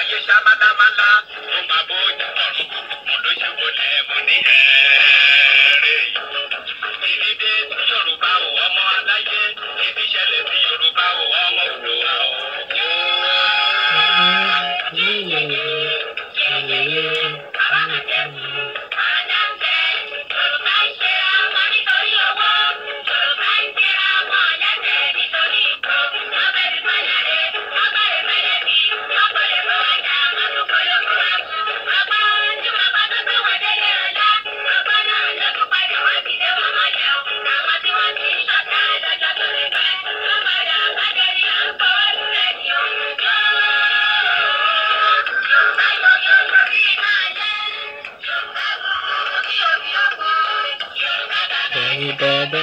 ayé ṣámándámánlá ó máa bó ọjà ọ̀run kúkú ló ṣàwọlé mo ní ẹ́ẹ́. Hari Baba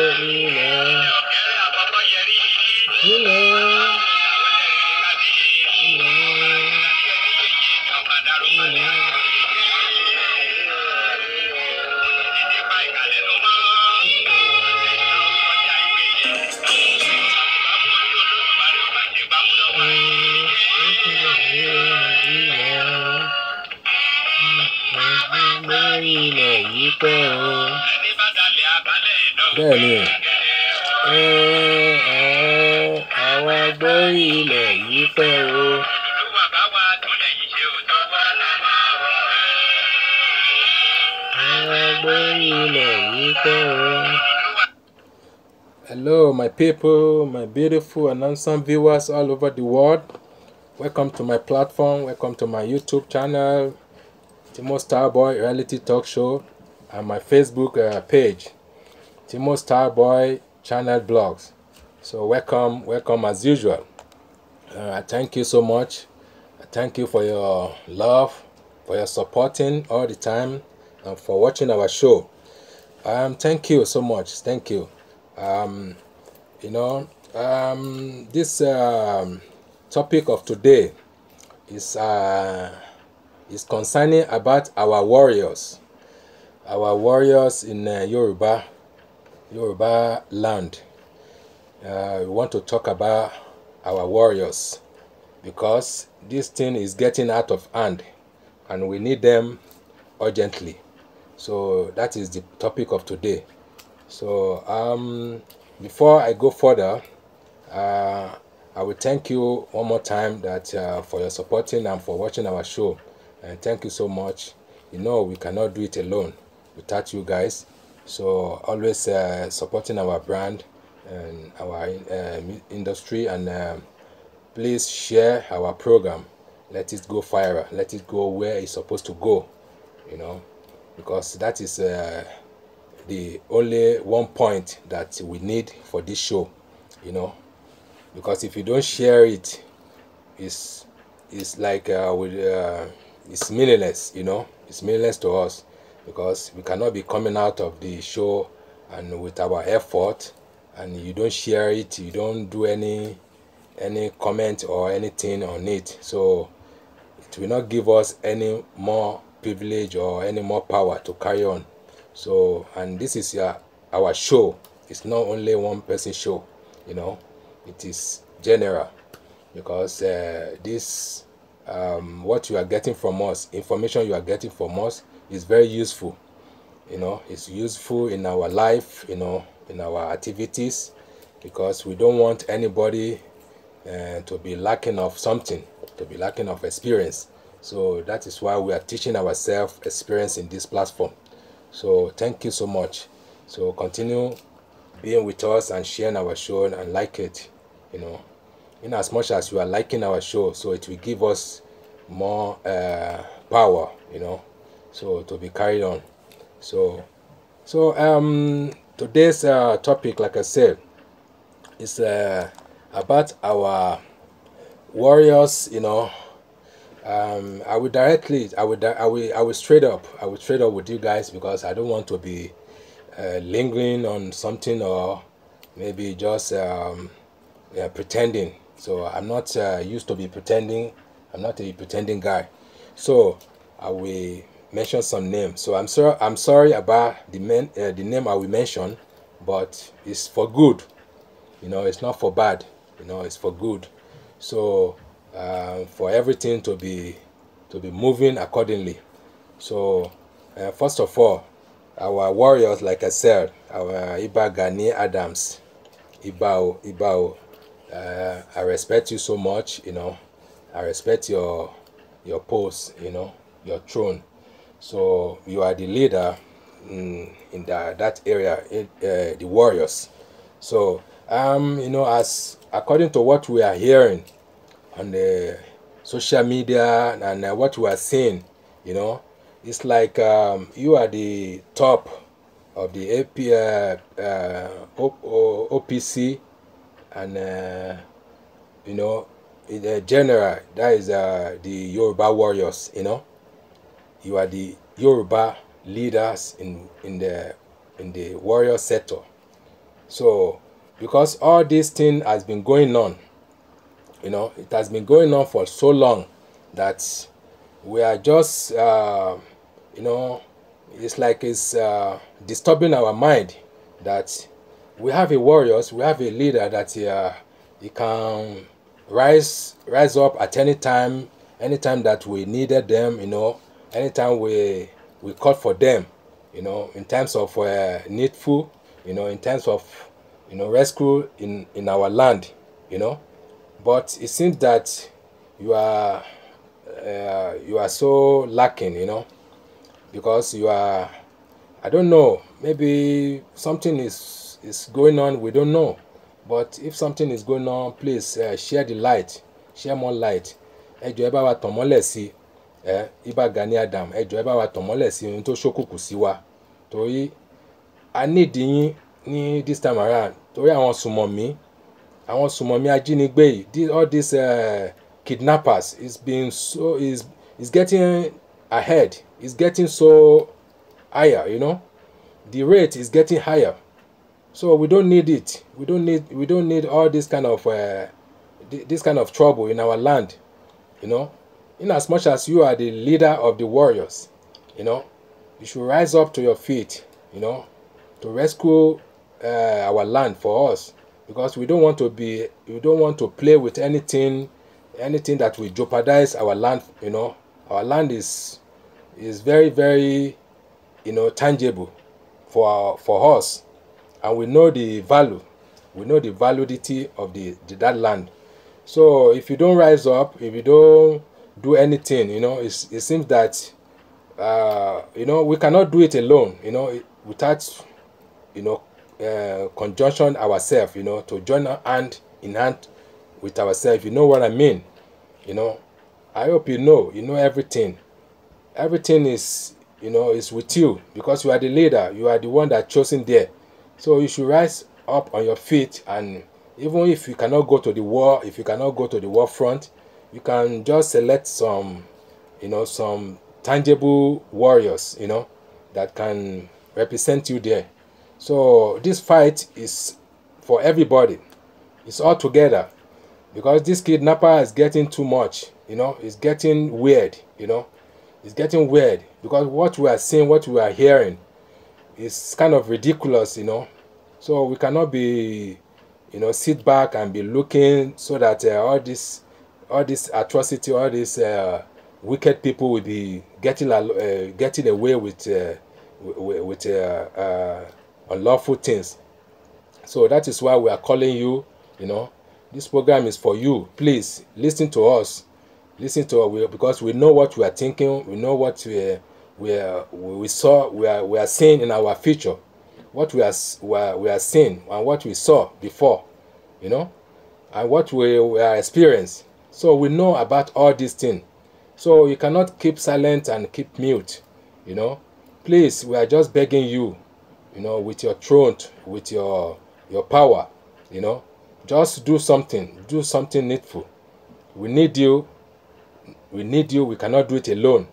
o. àwọn ilẹ̀ yìí pẹ́ o. Hello, my people, my beautiful and handsome viewers all over the world. Welcome to my platform. Welcome to my YouTube channel, Timo Starboy Reality Talk Show, and my Facebook uh, page. Timo Starboy channel blogs. So welcome, welcome as usual. Uh, I thank you so much. I thank you for your love, for your supporting all the time, and for watching our show. Um, thank you so much. Thank you. Um, you know, um, this um, topic of today is uh, is concerning about our warriors, our warriors in uh, Yoruba Yoruba land, uh, we want to talk about our warriors because this thing is getting out of hand and we need them urgently. So that is the topic of today. So um, before I go further, uh, I will thank you one more time that uh, for your supporting and for watching our show. And thank you so much. You know we cannot do it alone without you guys. So always uh, supporting our brand and our uh, industry and um, please share our program. Let it go fire. Let it go where it's supposed to go, you know, because that is uh, the only one point that we need for this show, you know, because if you don't share it, it's, it's like uh, with, uh, it's meaningless, you know, it's meaningless to us because we cannot be coming out of the show and with our effort and you don't share it you don't do any any comment or anything on it so it will not give us any more privilege or any more power to carry on so and this is our, our show it's not only one person show you know it is general because uh, this um, what you are getting from us information you are getting from us it's very useful you know it's useful in our life you know in our activities because we don't want anybody uh, to be lacking of something to be lacking of experience so that is why we are teaching ourselves experience in this platform so thank you so much so continue being with us and sharing our show and like it you know in as much as you are liking our show so it will give us more uh, power you know so to be carried on so so um today's uh, topic like i said is uh, about our warriors you know um, I will directly, I will, I will, I will straight up, I will straight up with you guys because I don't want to be uh, lingering on something or maybe just um, yeah, pretending. So I'm not uh, used to be pretending. I'm not a pretending guy. So I will Mention some names. So I'm sorry. I'm sorry about the men, uh, the name I will mention, but it's for good. You know, it's not for bad. You know, it's for good. So uh, for everything to be to be moving accordingly. So uh, first of all, our warriors, like I said, our Iba Gani Adams, Ibao, Ibao. Uh, I respect you so much. You know, I respect your your post. You know, your throne so you are the leader mm, in, in that area, in, uh, eh, eh, the warriors. So, um, you know, as according to what we are hearing on the social media and uh, what we are seeing, you know, it's like um, you are the top of the AP, uh, uh, OPC and, uh, you know, the general, that is uh, the Yoruba warriors, you know you are the Yoruba leaders in, in, the, in the warrior sector. So, because all this thing has been going on, you know, it has been going on for so long that we are just, uh, you know, it's like it's uh, disturbing our mind that we have a warriors, we have a leader that uh, he can rise rise up at any time, any time that we needed them, you know, anytime we we call for them, you know, in terms of uh, needful, you know, in terms of you know rescue in in our land, you know, but it seems that you are uh, you are so lacking, you know, because you are I don't know maybe something is is going on we don't know but if something is going on please uh, share the light share more light ẹ jọ̀ọ́ ẹ bá wa tàn mọ́lẹ̀ sí i ẹ ibà Gani Adam ẹ jọ ẹ bá wa tàn mọ́lẹ̀ sí ohun tó ṣókùnkùn sí wa torí a nídìí yín ní this time around torí àwọn sùmọ̀mí àwọn sùmọ̀mí ajínigbé yìí all these uh, kidnappers is being so is is getting ahead is getting so higher you know the rate is getting higher so we don't need it we don't need we don't need all this kind of uh, this kind of trouble in our land you know in as much as you are the leader of the warriors, you know, you should rise up to your feet, you know, to rescue uh, our land for us because we don't want to be, we don't want to play with anything, anything that will jeopardize our land, you know. Our land is, is very, very, you know, tangible for, for us. And we know the value, we know the validity of the, the that land. So if you don't rise up, if you don't do anything you know it's, it seems that uh, you know we cannot do it alone you know without you know uh, conjunction ourselves you know to join hand in hand with ourselves you know what i mean you know i hope you know you know everything everything is you know is with you because you are the leader you are the one that chosen there so you should rise up on your feet and even if you cannot go to the war if you cannot go to the war front you can just select some you know some tangible warriors you know that can represent you there so this fight is for everybody it's all together because this kidnapper is getting too much you know it's getting weird you know it's getting weird because what we are seeing what we are hearing is kind of ridiculous you know so we cannot be you know sit back and be looking so that uh, all this all this atrocity, all these uh, wicked people will be getting uh, getting away with uh, with uh, uh, unlawful things. So that is why we are calling you. You know, this program is for you. Please listen to us. Listen to us because we know what we are thinking. We know what we uh, we are, we saw we are we are seeing in our future, what we are we are, we are seeing and what we saw before, you know, and what we, we are experiencing so we know about all these things. So you cannot keep silent and keep mute, you know. Please, we are just begging you, you know, with your throne, with your your power, you know. Just do something, do something needful. We need you. We need you. We cannot do it alone.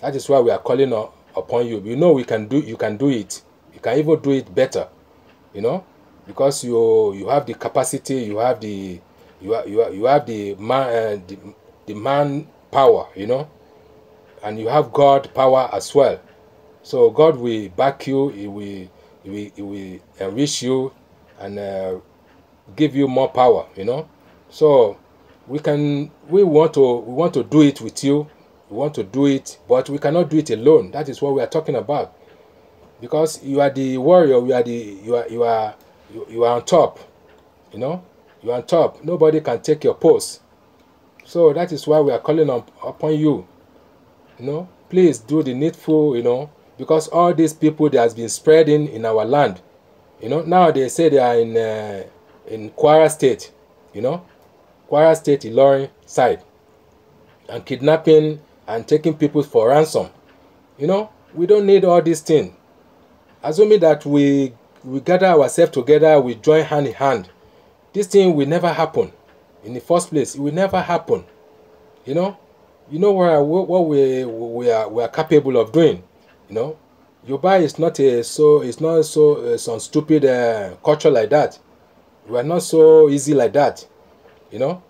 That is why we are calling upon you. You know we can do you can do it. You can even do it better. You know? Because you you have the capacity, you have the you are, you are, you have the man uh, the, the man power you know and you have god power as well so god will back you he will he will, he will enrich you and uh, give you more power you know so we can we want to we want to do it with you we want to do it but we cannot do it alone that is what we are talking about because you are the warrior you are the you are you are you, you are on top you know you're on top. Nobody can take your post. So that is why we are calling on, upon you. You know, please do the needful, you know, because all these people that has been spreading in our land, you know, now they say they are in, uh, in Kwara State, you know, Kwara State, Ilorin side, and kidnapping and taking people for ransom. You know, we don't need all these things. Assuming that we, we gather ourselves together, we join hand in hand, this thing will never happen in the first place. It will never happen. You know, you know what, what we, we, are, we are capable of doing. You know, Yoruba is not a so it's not so uh, some stupid uh, culture like that. We are not so easy like that. You know,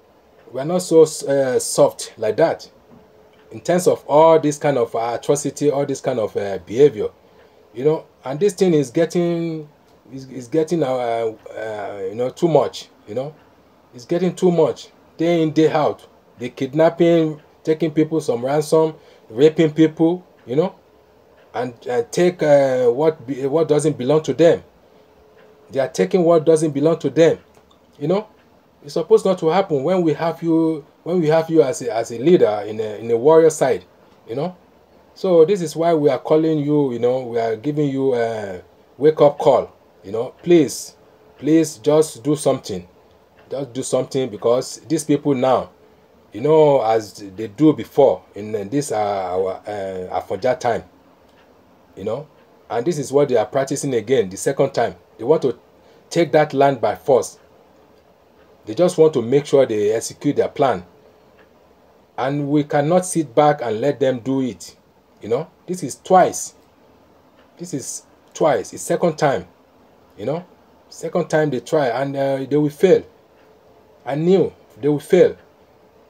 we are not so uh, soft like that. In terms of all this kind of atrocity, all this kind of uh, behavior, you know, and this thing is getting is, is getting uh, uh you know too much. You know, it's getting too much. Day in, day out. They kidnapping, taking people some ransom, raping people, you know, and uh, take uh, what, be, what doesn't belong to them. They are taking what doesn't belong to them. You know, it's supposed not to happen when we have you, when we have you as a, as a leader in a, in a warrior side, you know. So this is why we are calling you, you know, we are giving you a wake-up call, you know. Please, please just do something just do something because these people now you know as they do before in this uh, our uh, time you know and this is what they are practicing again the second time they want to take that land by force they just want to make sure they execute their plan and we cannot sit back and let them do it you know this is twice this is twice it's second time you know second time they try and uh, they will fail I knew they would fail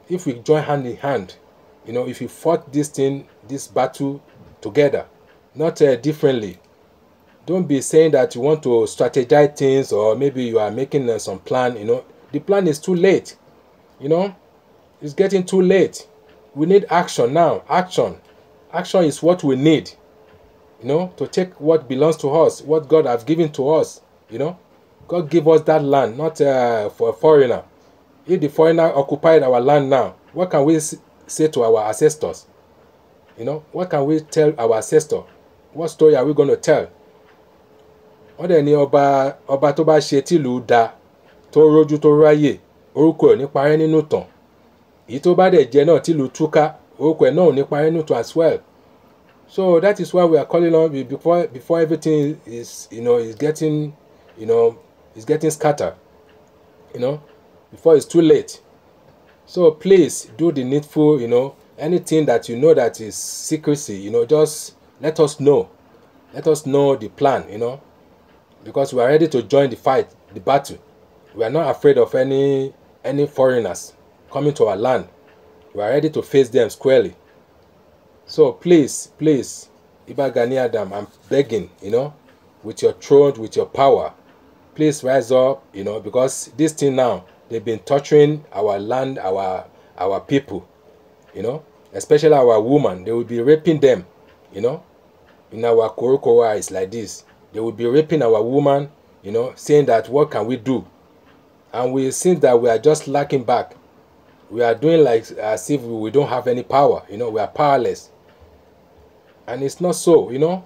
if we join hand in hand. You know, if we fought this thing, this battle together, not uh, differently. Don't be saying that you want to strategize things or maybe you are making uh, some plan. You know, the plan is too late. You know, it's getting too late. We need action now. Action. Action is what we need. You know, to take what belongs to us, what God has given to us. You know, God gave us that land, not uh, for a foreigner. If the foreigner occupied our land now, what can we say to our ancestors? You know, what can we tell our ancestors? What story are we going to tell? Wọ́n dẹ̀ ní ọba ọba tó bá ṣe tìlú da tó rójú tó ráyè orúkọ ẹ̀ nípa ẹ̀ nínú tàn. Èyí tó bá dẹ̀ jẹ náà tìlú túká orúkọ ẹ̀ náà nípa ẹ̀ nínú tàn as well. So that is why we are calling on before before everything is you know is getting you know is getting scattered. You know before it's too late. So please do the needful, you know, anything that you know that is secrecy, you know, just let us know. Let us know the plan, you know, because we are ready to join the fight, the battle. We are not afraid of any any foreigners coming to our land. We are ready to face them squarely. So please, please, Iba Gani Adam, I'm begging, you know, with your throne, with your power, please rise up, you know, because this thing now, They've been torturing our land, our our people, you know, especially our women. They will be raping them, you know. In our Korokoa, it's like this. They will be raping our woman, you know, saying that what can we do? And we think that we are just lacking back. We are doing like as if we don't have any power, you know, we are powerless. And it's not so, you know.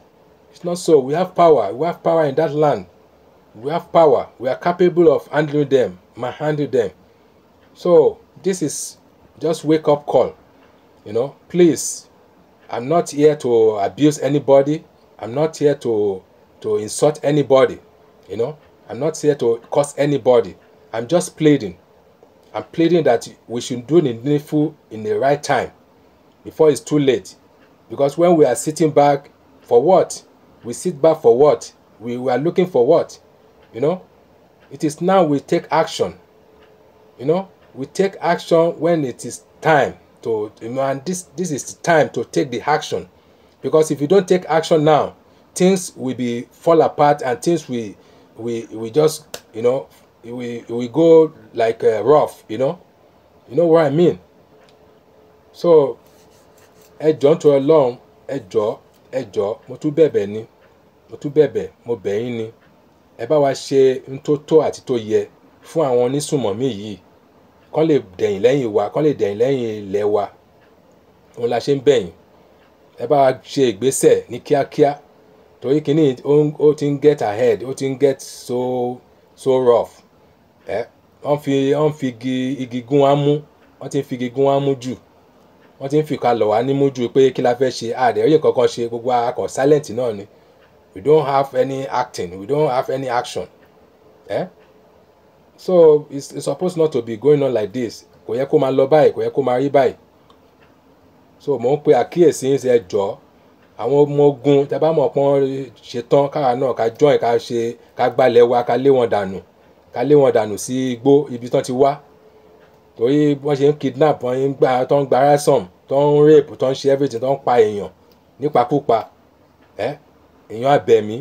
It's not so. We have power. We have power in that land we have power we are capable of handling them man handle them so this is just wake up call you know please i'm not here to abuse anybody i'm not here to to insult anybody you know i'm not here to curse anybody i'm just pleading i'm pleading that we should do the needful in the right time before it's too late because when we are sitting back for what we sit back for what we are looking for what You know, it is now we take action. You know, we take action when it is time to, you know, and this, this is time to take the action. Because if you don't take action now, things will be fall apart and things we we we just, you know, we we go like uh, rough you know you know what i mean so ẹ jọ̀ọ́ nítorí Ọlọ́run ẹ jọ̀ọ́ ẹ jọ̀ọ́ mo tún bẹ̀bẹ̀ ni mo tún bẹ̀bẹ̀ mo bẹ̀ ni ẹ bá wa ṣe n tó tó àti tó yẹ fún àwọn onísùmọ̀mí yìí kán lè dẹ̀yìn lẹ́yìn wa kán lè dẹ̀yìn lẹ́yìn ilẹ̀ wa òun la ṣe ń bẹ̀yìn ẹ bá wa ṣe ìgbésẹ̀ ní kíákíá torí kínní ó ti ń get ahead ó ti ń get so so rough ẹ wọ́n fi wọ́n fi igi igi gún wa mú wọ́n ti ń fi igi gún wa mú jù wọ́n ti ń fìkà lọ̀ wá nímú jù pé kí la fẹ́ ṣe àdẹ̀yẹ́ kankan ṣe gbogbo akọ̀ silent náà ni we don't have any acting we don't have any action eh? so it's, it's supposed not to be going on like this kò yẹ kó máa lọ báyìí kò yẹ kó máa rí báyìí so mò ń pe àkíyèsí ń ṣe ẹjọ́ àwọn ọmọ ogun tẹ bá mọ̀ pọ́n ṣetán káwa náà ká join ká ṣe ká gbalẹ̀ wa ká lé wọn dànù ká lé wọn dànù sí igbó ibi tán ti wá torí wọ́n ṣe ń kidnap wọ́n ń gbà tán ń gba ransom tán ń rape tán ń ṣe everything tán ń pa èèyàn nípakúpa ẹ́ eh? èèyàn abẹ̀mí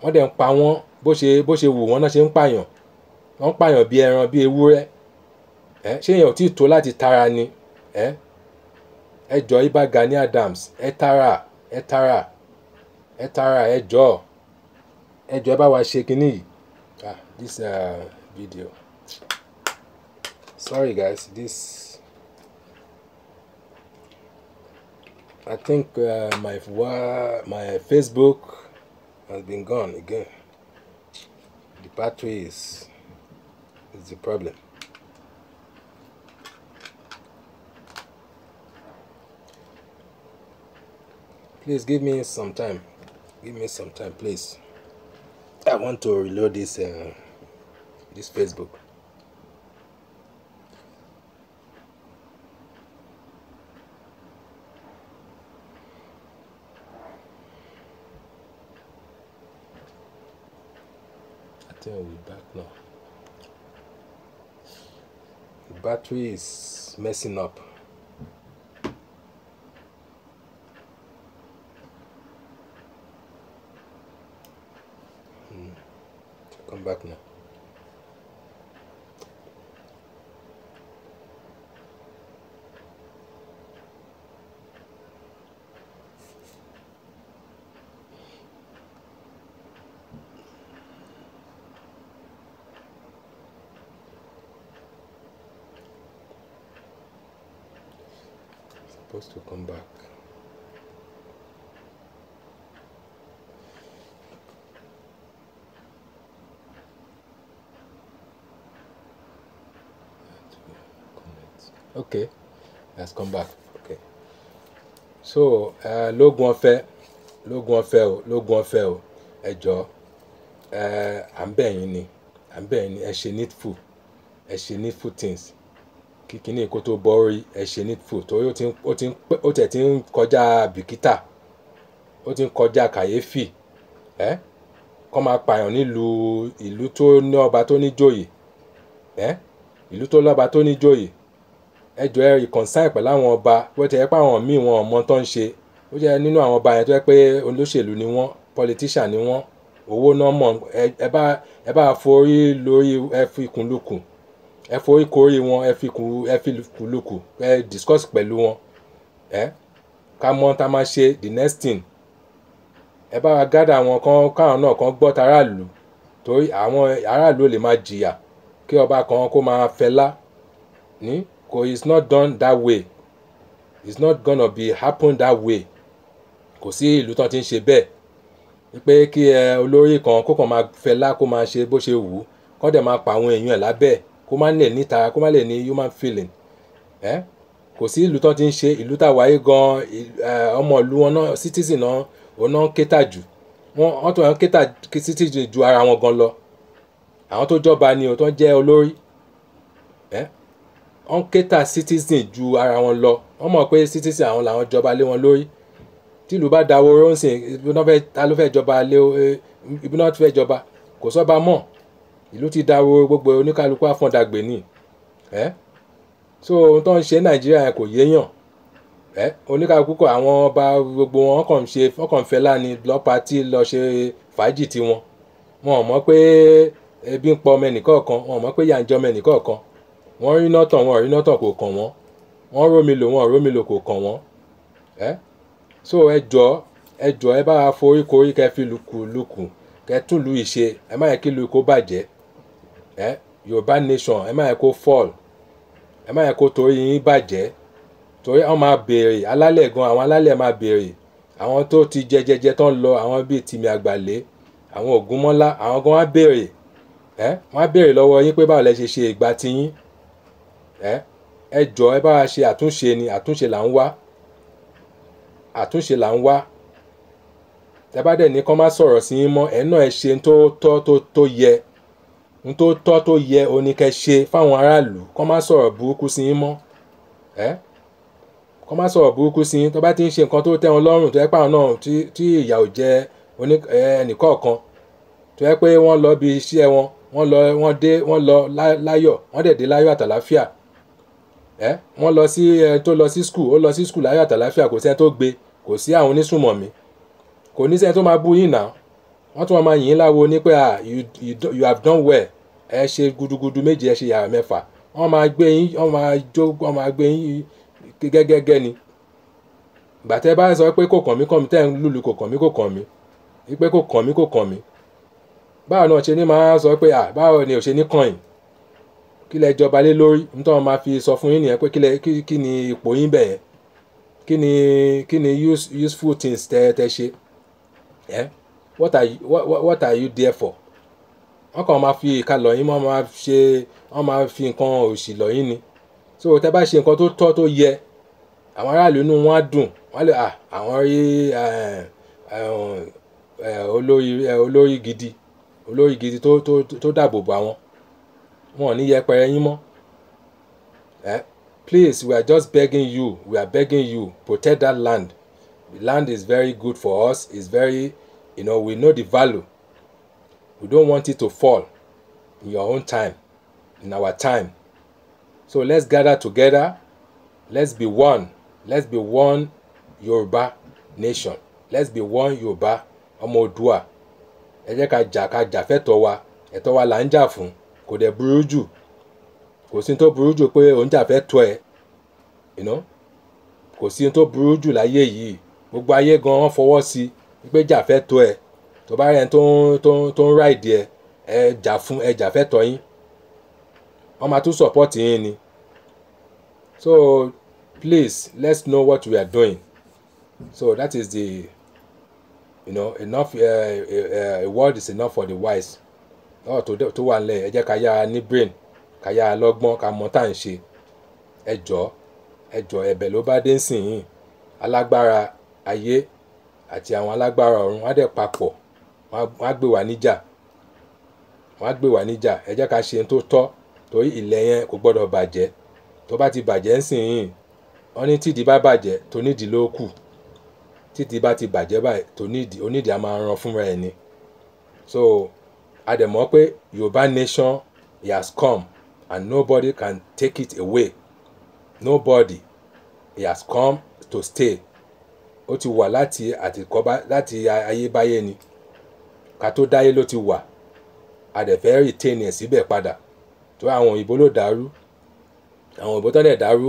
wọ́n dẹ̀ ń pa wọ́n bó ṣe bó ṣe wù wọ́n náà ṣe ń pààyàn wọ́n ń pààyàn bíi ẹran bíi ewúrẹ́ ẹ ṣé èèyàn ò tí ì tó láti tara ni ẹ ẹ jọ Ìbà Gani Adams ẹ tara ẹ tara ẹ tara ẹ jọ ẹ jọ ẹ bá wa ṣe kinní yìí ah this uh, video sorry guys this. I think uh, my my Facebook has been gone again. The battery is is the problem. Please give me some time. Give me some time, please. I want to reload this uh, this Facebook. battery is messing up supposed to come back. okay let's come back okay so uh, lógun ọ̀fẹ́ lógun ọ̀fẹ́ o lógun ọ̀fẹ́ o ẹ jọ uh, à ń bẹ̀ yín ni à ń bẹ̀ yín ni ẹ ṣe needful ẹ ṣe things kíní kó tó bọ́rí ẹ̀ṣẹ̀ needful torí ó tẹ̀ ti ń kọjá bìkítà ó ti ń kọjá kàyéfì ẹ́ kọ́ máa pààyàn nílùú ìlú tó ní ọba tó ní jòyè ẹ́ ìlú tó lọ́ba tó ní jòyè ẹjọ́ ẹ reconcile pẹ̀lú àwọn ọba bó ti yẹ pé àwọn míì wọn ọmọ tó ń ṣe ó jẹ́ nínú àwọn ọba yẹn tó yẹ pé olóṣèlú ni wọ́n politician ni wọ́n owó náà mọ̀ ẹ bá forí lórí ẹ fi kùn lukùn ẹ forí korí wọn ẹ fi kù ẹ fi kùlùkù ẹ discuss pẹ̀lú wọn ẹ ká mọ tá a máa ṣe the next thing ẹ bá wa gádà àwọn kan káwọn náà kan gbọ́ taráàlú torí àwọn aráàlú lè máa jìyà kí ọba kan kó máa fẹlá ní kò it's not done that way it's not gonna be happen that way kò sí ìlú tán ti ń ṣe bẹ́ẹ̀ pé kí ẹ olórí kan kó kàn máa fẹlá kó máa ṣe bó ṣe wù ú kó dẹ̀ máa pa àwọn èèyàn ẹ̀ lábẹ́ kó má lè ní ìtara kó má lè ní human feeling ẹ kò sí ìlú tán ti ń ṣe ìlú tá a wáyé gan ọmọ ìlú wọn náà citizen náà òun náà ń kétà jù wọn tó ń kétà citizen ju ara wọn gan lọ àwọn tó jọba ni o tó ń jẹ́ olórí ẹ wọn kétà citizen ju ara wọn lọ wọn mọ̀ pé citizen àwọn làwọn jọba lé wọn lórí tílù bá dáwọ́ rónsìn ibi náà fẹ́ ta ló fẹ́ jọba lé ibi náà fẹ́ jọba kò sọ́ba mọ́ ìlú ti dáwó gbogbo oníkálukú àfọ̀ndàgbè ni ẹ́ so ohun tó ń ṣe nàìjíríà yẹn kò yéèyàn ẹ́ oníkálukú kọ àwọn ọba gbogbo wọn kàn ṣe ọkàn fẹ́lá ni lọ́pàá tí lọ́ọ́ ṣe fàájì tiwọn wọn ò mọ̀ pé ebi ń pọ ọmọ ẹnìkọ̀ọ̀kan wọn ò mọ̀ pé yànjọ ọmọ ẹnìkọ̀ọ̀kan wọ́n rí nọ́tàn wọn ò rí nọ́tàn kò kàn wọ́n wọ́n rómi lò wọn rómi lò kò kàn wọ́n ẹ́ so ẹ jọ ẹ jọ ẹ bá wa forí korí kẹ́ fi lùkùlùkù kẹ́ tún lu ìṣe ẹ má yẹ kí lu bàjẹ́ ẹ yorùbá nation ẹ má yẹ kó fall ẹ má yẹ kó torí yín bàjẹ́ torí àwọn máa béèrè alálẹ̀ gan àwọn alálẹ̀ máa béèrè àwọn tó ti jẹjẹjẹ tán lọ àwọn bíi tìmí àgbàlẹ àwọn ògúnmọ́lá àwọn gan wá béèrè ẹ wọ́n á béèrè lọ́wọ́ yín pé báwo lẹ ṣe ṣe ìgbà tiyín ẹ ẹ jọ ẹ bá wa ṣe àtúnṣe ni àtúnṣe là ń wá àtúnṣe là ń wá tẹ bá dẹ̀ ní kọ́ má sọ̀rọ̀ sí yín mọ́ ẹ̀ náà ẹ ṣe tó tọ́ tó tó yẹ n tó tọ́ tó yẹ oníkẹ́ ṣe fáwọn aráàlú kọ́ má sọ̀rọ̀ burúkú sí yín mọ́ ẹ́ kọ́ má sọ̀rọ̀ burúkú sí yín tó bá ti ń ṣe nǹkan tó tẹ́ wọn lọ́rùn tó yẹ pàrọ̀ náà tí ìyà ò jẹ ẹnìkọ̀ọ̀kan tó yẹ pé wọ́n lọ bí iṣẹ́ wọn wọ́n lọ wọ́n dé wọ́n lọ láyọ̀ wọ́n dẹ̀ dé láyọ̀ àtàláfíà ẹ́ wọ́n lọ sí ẹ tó lọ sí skul ó lọ sí skul láyọ̀ àtàláfíà kò sẹ́ni tó gbé kò sí àwọn onísùnmọ̀mí kò ní sẹ́ni tó máa bú yín náà wọ́n tún wọ́n máa yìn ín láwo ní pé you have done well ẹ ṣe gudugudu méje ẹ ṣe yàrá mẹ́fà wọ́n máa gbé yín wọ́n máa jó wọ́n máa gbé yín gẹ́gẹ́gẹ́ ni gbàtẹ́ bá sọ pé kò kàn mí kàn mí tẹ́ ń lùlù kò kàn mí kò kàn mí wípé kò kàn mí kò kàn mí báwo ṣe máa sọ pé à báwo ni kàn yín kí lẹ jọba lé lórí nítorí ni ipò yín bẹ̀yẹn kí useful things tẹ́ tẹ́ ṣe what are you what, what, what are you there for wọ́n kàn máa fi ìka lọ̀ yín wọ́n máa ṣe wọ́n máa fi nǹkan òṣì lọ̀ yín ni so tẹ́ bá ṣe nǹkan tó tọ́ tó yẹ àwọn aráàlú inú wọn á dùn wọ́n lè àwọn rí olórí olórí gidi olórí gidi tó tó tó dáàbò bò àwọn wọn ò ní yẹpẹrẹ yín mọ́ eh? please we are just begging you we are begging you protect that land the land is very good for us it's very You know, we know the value. We don't want it to fall in your own time, in our time. So let's gather together. Let's be one. Let's be one Yoruba nation. Let's be one Yoruba ọmọ Oòduà. Ẹ jẹ́ ká jà ká jà fẹ́tọ̀ wa. Ẹ̀tọ́ wa là ń jà fún. Kò dẹ̀ burú jù. Kò sí tó burú jù pé òun jà fẹ́ tọ́ ẹ. You know? Kò sí tó burú jù láyé yìí. Gbogbo ayé gan-an fọwọ́ sí i pé jà fẹ́ tó ẹ tó bá rẹ̀ tó ń tó ń tó ń ráìdì ẹ ẹ jà fún ẹ jà fẹ́ tọ́ yín wọ́n máa tún support yín ni so please let's know what we are doing so that is the you know enough uh, uh, a word is enough for the wise ọ̀ tó tó wà nílẹ̀ ẹ jẹ́ ká yára ní brain ká yára lọ́gbọ́n ká mọ tá à ń ṣe ẹ jọ̀ọ́ ẹ jọ̀ọ́ ẹ̀bẹ̀ ló bá dé ń sìn yín alágbára ayé àti àwọn alágbára ọ̀run wọ́n á dẹ̀ papọ̀ wọ́n á gbé wa níjà wọ́n á gbé wa níjà ẹ jẹ́ ká ṣe ohun tó tọ́ torí ilẹ̀ yẹn kò gbọ́dọ̀ bàjẹ́ tó bá ti bàjẹ́ ń sìn yìn wọ́n ní tìdí bá bàjẹ́ tó nídìí ló kù títí bá ti bàjẹ́ báyìí tó nídìí onídìí a máa ran fúnra ẹ̀ ni so a dẹ̀ mọ̀ pé Yorùbá nation it has come and nobody can take it away nobody he has come to stay ó ti wà láti àtìkọ́bá láti ayébáyé ni ká tó dáyé ló ti wà àdẹ̀fẹ́ retain ẹ̀ síbẹ̀ padà tó àwọn òyìnbó ló dàrú àwọn òyìnbó tó dẹ̀ dàrú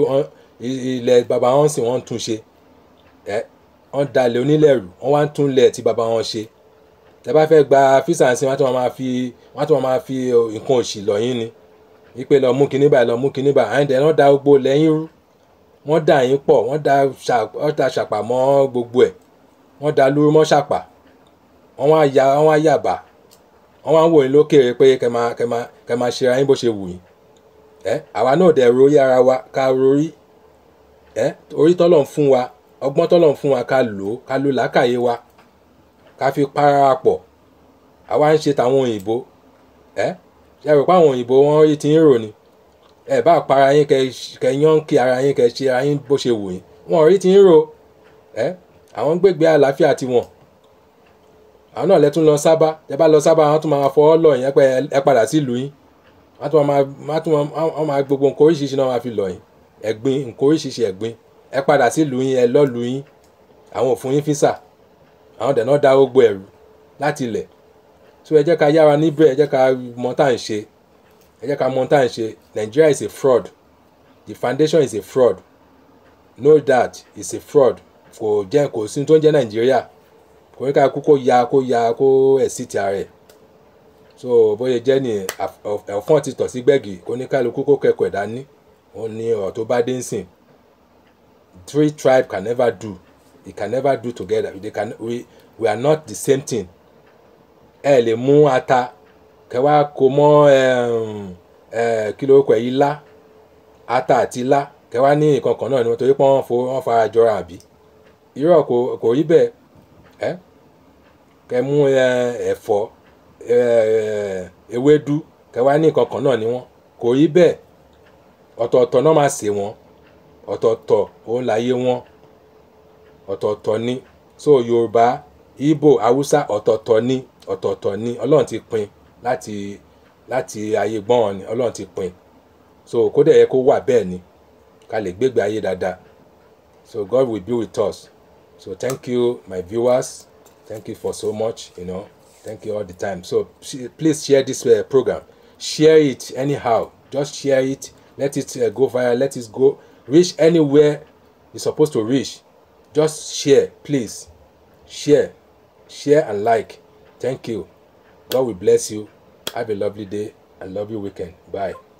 ilẹ̀ bàbá wọn sì wọ́n ń tún ṣe ẹ́ wọ́n dalẹ̀ onílẹ̀rù wọ́n wá ń tún lẹ̀ tí bàbá wọn ṣe tẹ́ bá fẹ́ gba fisa ǹsìn wọ́n á tún máa fi wọ́n á tún máa fi nǹkan òṣì lọ́yìn ni wípé lọ mú kinní báyìí lọ mú kinní báyìí àyìndẹ̀ náà da gbogbo lẹ́yìn rú wọ́n dà yín pọ̀ wọ́n da ṣàpà mọ́ gbogbo ẹ̀ wọ́n da lúrú mọ́ ṣàpà wọ́n wá ya wọ́n wá yàbá wọ́n wá ń wò yín lókèrè pé kẹ́ máa kẹ́ máa kẹ́ máa ṣe ara yín bó ṣe wù yín ẹ́ àwa náà dẹ̀ rorí ara wa ká rorí ẹ́ orí tọ́lọ̀ ń fún wa ọgbọ́n tọ́lọ̀ ń fún wa ká lò ó ká lò làákàyè wa ká fi para pọ̀ àwa ń ṣe tàwọn òyìnbó ẹ́ ṣe àròpá àwọn òyìnbó wọ́n ti ń rò ni ẹ bá para yín kẹ yán kí ara yín kẹ ṣe ara yín bó ṣe wù yín wọn rí ti ń ro ẹ àwọn gbégbé àlàáfíà tiwọn àwọn náà lẹ́tún lọ sábà tẹ bá lọ sábà wọn tún máa fọwọ́ lọ yẹn pé ẹ padà sílùú yín wọn tún wọn máa gbogbo nǹkan oríṣiríṣi náà máa fi lọ yín ẹ̀gbin nǹkan oríṣiríṣi ẹ̀gbin ẹ padà sílùú yín ẹ lọ́lùú yín àwọn òfin yín físà àwọn dẹ̀ náà dá gbogbo ẹ̀rù láti ilẹ̀ so ẹ jẹ́ ká yára níbẹ̀ ẹ jẹ́ ká mọ tá à ń ṣe ẹ jẹ́ ká mọ tá à ń ṣe Nigeria is a fraud the foundation is a fraud know that is a fraud kò jẹ́ kò sí tó ń jẹ́ Nigeria kò ní ká kú kó ya kó ya kó ẹ̀ ti ara ẹ̀ so bóyá jẹ́ ni ẹ̀fọ́n ti tọ̀ sí gbẹ̀gì kò ní kálukú kó kẹ́kọ̀ọ́ ẹ̀dá ní òun ni ọ̀rọ̀ tó bá dé ń sìn three tribes can never do they can never do together they can we we are not the same thing ẹ lè mú ata kẹ́ wá kó mọ́ kí ló kọ yìí lá ata àti ilá kẹ́ wá ní nǹkan kan náà ni wọ́n torí pé wọ́n fo wọ́n fara jọra àbí irọ́ kò rí bẹ́ẹ̀ ẹ́ kẹ́ mú ẹ̀fọ́ ewédú kẹ́ wá ní nǹkan kan náà ni wọ́n kò rí bẹ́ẹ̀ ọ̀tọ̀ọ̀tọ̀ náà máa sè wọ́n ọ̀tọ̀ọ̀tọ̀ òun láyé wọn ọ̀tọ̀ọ̀tọ̀ ni so Yorùbá Ìgbò Haúsá ọ̀tọ̀ọ̀tọ̀ ni ọ̀tọ̀ọ̀tọ̀ ni Ọlọ́run ti pín láti láti ayé gbọ́n wọn ni ọlọ́run ti pín so kó yẹ kó wà bẹ́ẹ̀ ni ká lè gbégbé ayé dáadáa so God will be with us so thank you my viewers thank you for so much you know thank you all the time so please share this uh, program share it anyhow just share it let it uh, go viral let it go reach anywhere you supposed to reach just share please share share and like thank you God will bless you. Have a lovely day and lovely weekend. Bye.